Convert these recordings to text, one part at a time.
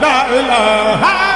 la, la, la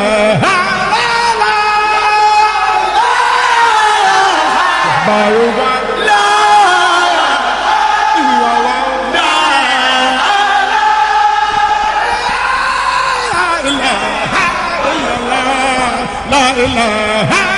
la la la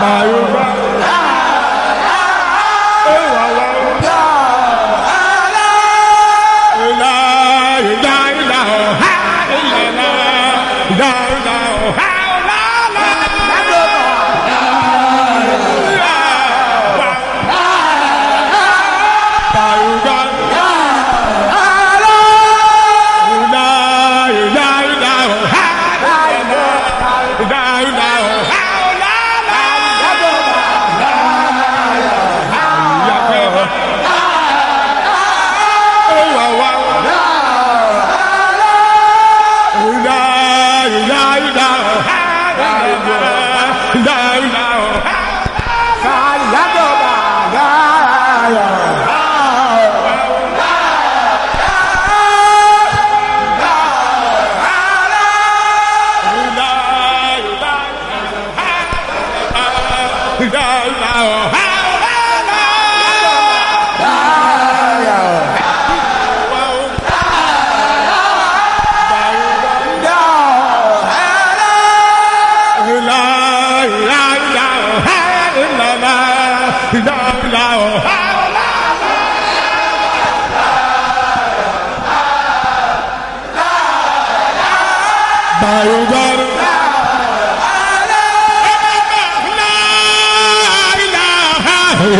Bye. Bye, bye.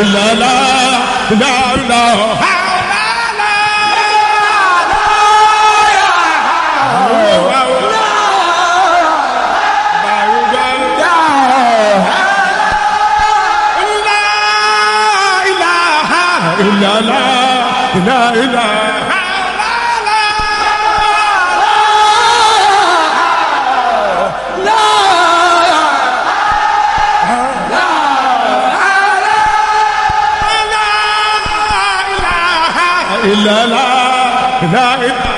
إلا لا لا إله إلا لا إله إلا لا لا لا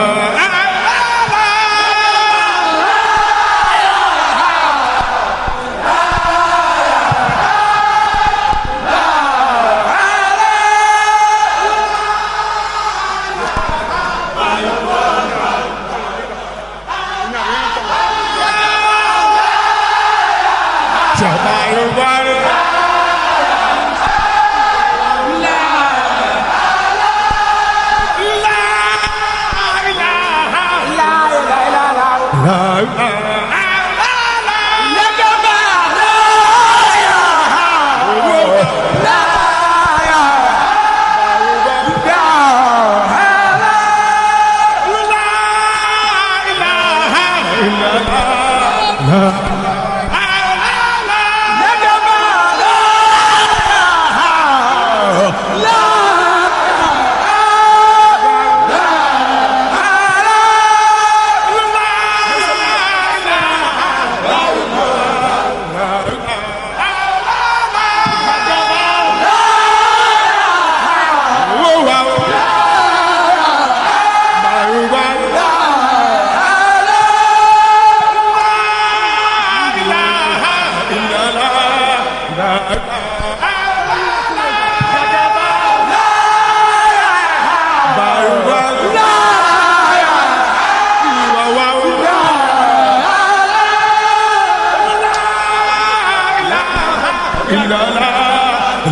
la la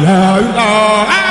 la la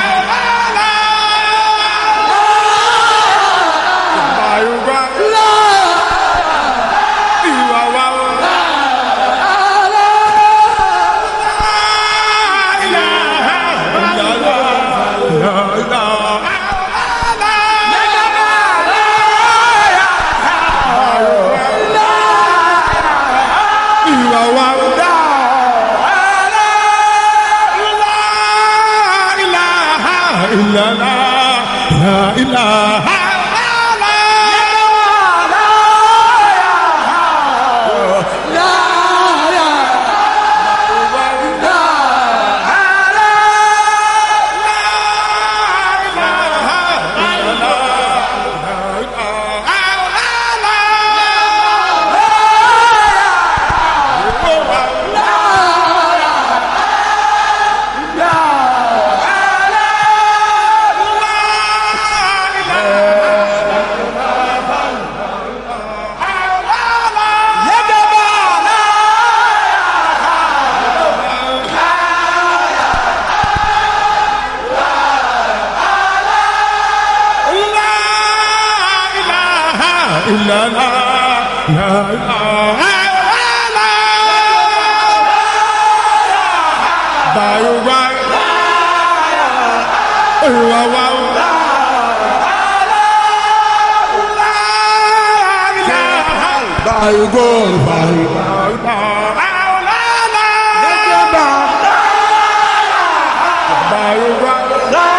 إلا لا لا لا By right, wow, wow. By go, by, by, by. By right,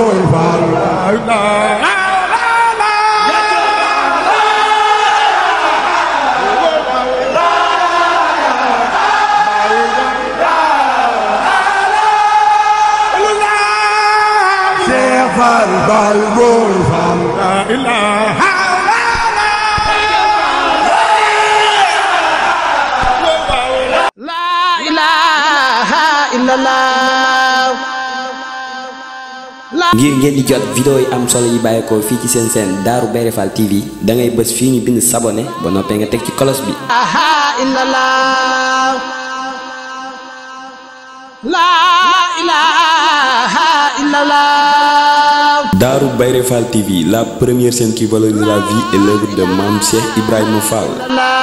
ngir ngeen di jot vidéo yi am solo yi bàyyeekoo fii ci seen seen daaru Bairé Fall TV dangay ngay bës fii ñu bind sabone ba noppee nga teg ci kolos bi. Darou Bairé Fall TV la première chaîne qui valorise la vie et l'œuvre de Mame Cheikh Ibrahima